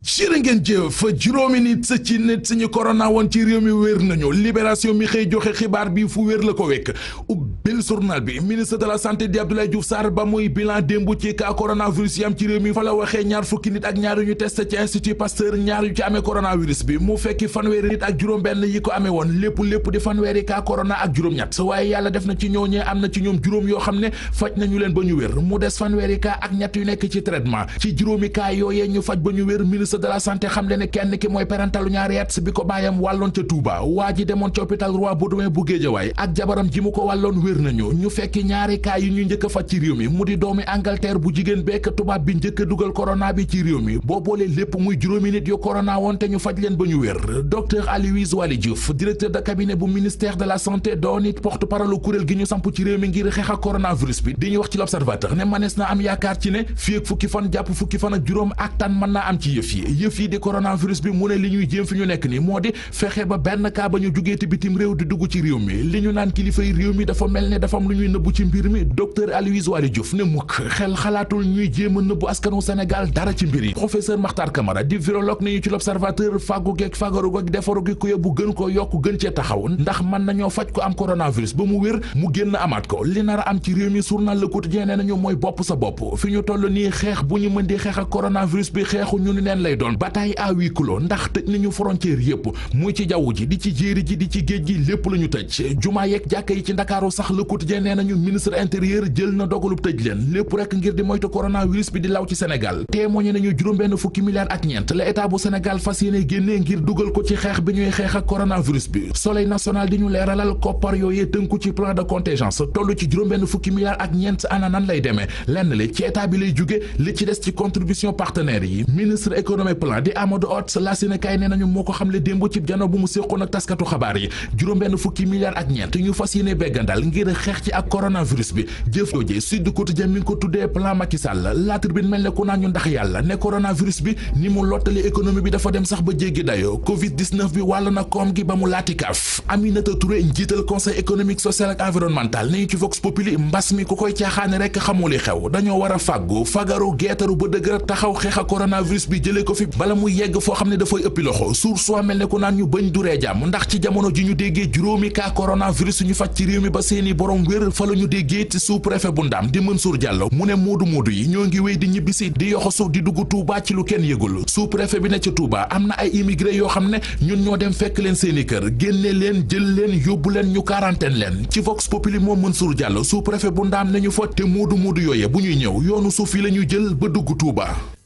jërë ngeen jëf juróomi nit ci nit suñu corona woon ci réew mi wér nañu libération mi xëy joxe xibaar bi fu wér la ko wekk ubbil journal bi ministre de la santé di Abdoulaye Diouf Sarr ba muy bilan démb ci cas coronavirus yi am ci réew mi fa la waxee ñaar fukki nit ak ñaar yu ñu testé ci institut Pasteur ñaar yu ci amee coronavirus bi mu fekki fanweeri nit ak juróom-benn yi ko amee woon lépp lépp di fanweeri cas corona ak juróom-ñett waaye yàlla na ci ñooñee am na ci ñoom juróom yoo xam ne faj nañu ba ñu wér mu des fanweeri cas ak ñett yu nekk ci traitement ci juróomi cas yooyee ñu faj ministre de la xam le ne kenn ki mooy parentalu ñaari at ko bàyyam wàlloon ca Touba waa ji demoon ca hôpital Roi Baudouin bu Géejawaay ak jabaram ji mu ko wàlloon wér nañu ñu fekk ñaari kaay yu ñu njëkk a ci mi mu di doomi Angleterre bu jigéen bekk tubaab bi njëkk a dugal corona bi ci réew mi boo boolee lépp muy juróomi nit yu corona woon te ñu faj leen ba ñu wér docteur Aloyse Waly Diouf directeur de cabinet bu ministère de la santé doon it porte-parole kuréel gi ñu samp ci réew mi ngir xeex ak coronavirus bi di ñu wax ci l'observateur ne manees na am yaakaar ci ne fii ak fukki fan jàpp fukki fan ak juróom ak tan mën naa am ci yëf yi yi yëf yi di coronavirus bi mu ne li ñuy jéem fi ñu nekk ni moo di fexe ba benn kaa ba ñu jugee bitim réew di dugg ci réew mi li ñu naan kilifa réew mi dafa mel ne dafa am lu ñuy nëbbu ci mbir mi docteur Aloyse Waly ne mukk xel xalaatul ñuy jéem a nëbbu askanu Sénégal dara ci mbir yi professeur Makhtar Camara di virologue ne ñu ci l'observateur fàggu geeg fagaru geeg defaru gi ku yóbbu gën ko yokk gën cee taxaw ndax mën nañoo faj ko am coronavirus ba a am ci réew lay doon bataille à huis clos ndax tëj nañu frontière yëpp muy ci jaww ji di ci jéeri ji di ci géej gi lépp la ñu tëj jumaa yeeg jàkka yi ci ndakaaru sax Le Quotidien jël na dogalub tëj leen lépp rek ngir di moytu coronavirus bi di law ci Sénégal témoigné nañu juróom-benn fukki milliards ak ñeent la état bu Sénégal fas yéene génnee ngir dugal ko ci xeex bi ñuy xeex ak coronavirus bi soleil national di ñu leeralal koppar yooyee tënku ci plan de contingence toll ci juróom-benn fukki milliards ak ñeent ana nan lay demee lenn li ci état bi ci des ci contribution partenaires juróome plan di Amadou Hott la Sénégal nee nañu moo ko xamle démb ci jano bu mu séqoon ak taskatu xabaar yi juróom benn fukki milliards ak ñeent ñu fas yéene beggandal ngir xeex ci ak coronavirus bi jëf jooje Sud Quotidien mi ngi ko tuddee plan Macky Sall la tribune mel ne ku naa ñu ndax yàlla ne coronavirus bi ni mu lottali économie bi dafa dem sax ba jéggi dayoo covid 19 bi wàll na koom gi ba mu laati kaaf Aminata Touré njiital conseil économique social ak environnemental ne ñu ci Vox Populi mbas mi ku koy caaxaane rekk xamuli xew dañoo war a fàggu fagaru geetaru ba dëgër taxaw xeex a coronavirus bi jëlee ko fi bala mu yegg foo xam ne dafay ëppi loxo suur soo mel ne ko naan ñu bañ duree jàmm ndax ci jamono ji ñu déggee juróomi cas coronavirus ñu faj ci réew mi ba seeni borom wér fa la ñu déggee ci sous préfet bu ndaam di Mansour Diallo mu ne moodu moodu yi ñoo ngi wéy di ñibbisi di yoxosu di dugg Touba ci lu kenn yëgul sous préfet bi ne ci Touba am na ay immigré yoo xam ne ñun ñoo dem fekk leen seeni kër génne leen jël leen yóbbu leen ñu quarantaine leen ci Vox Populi moom Mansour Diallo sous préfet bu ndaam ne ñu te moodu moodu yooye bu ñuy ñëw yoonu suuf la ñuy jël ba dugg Touba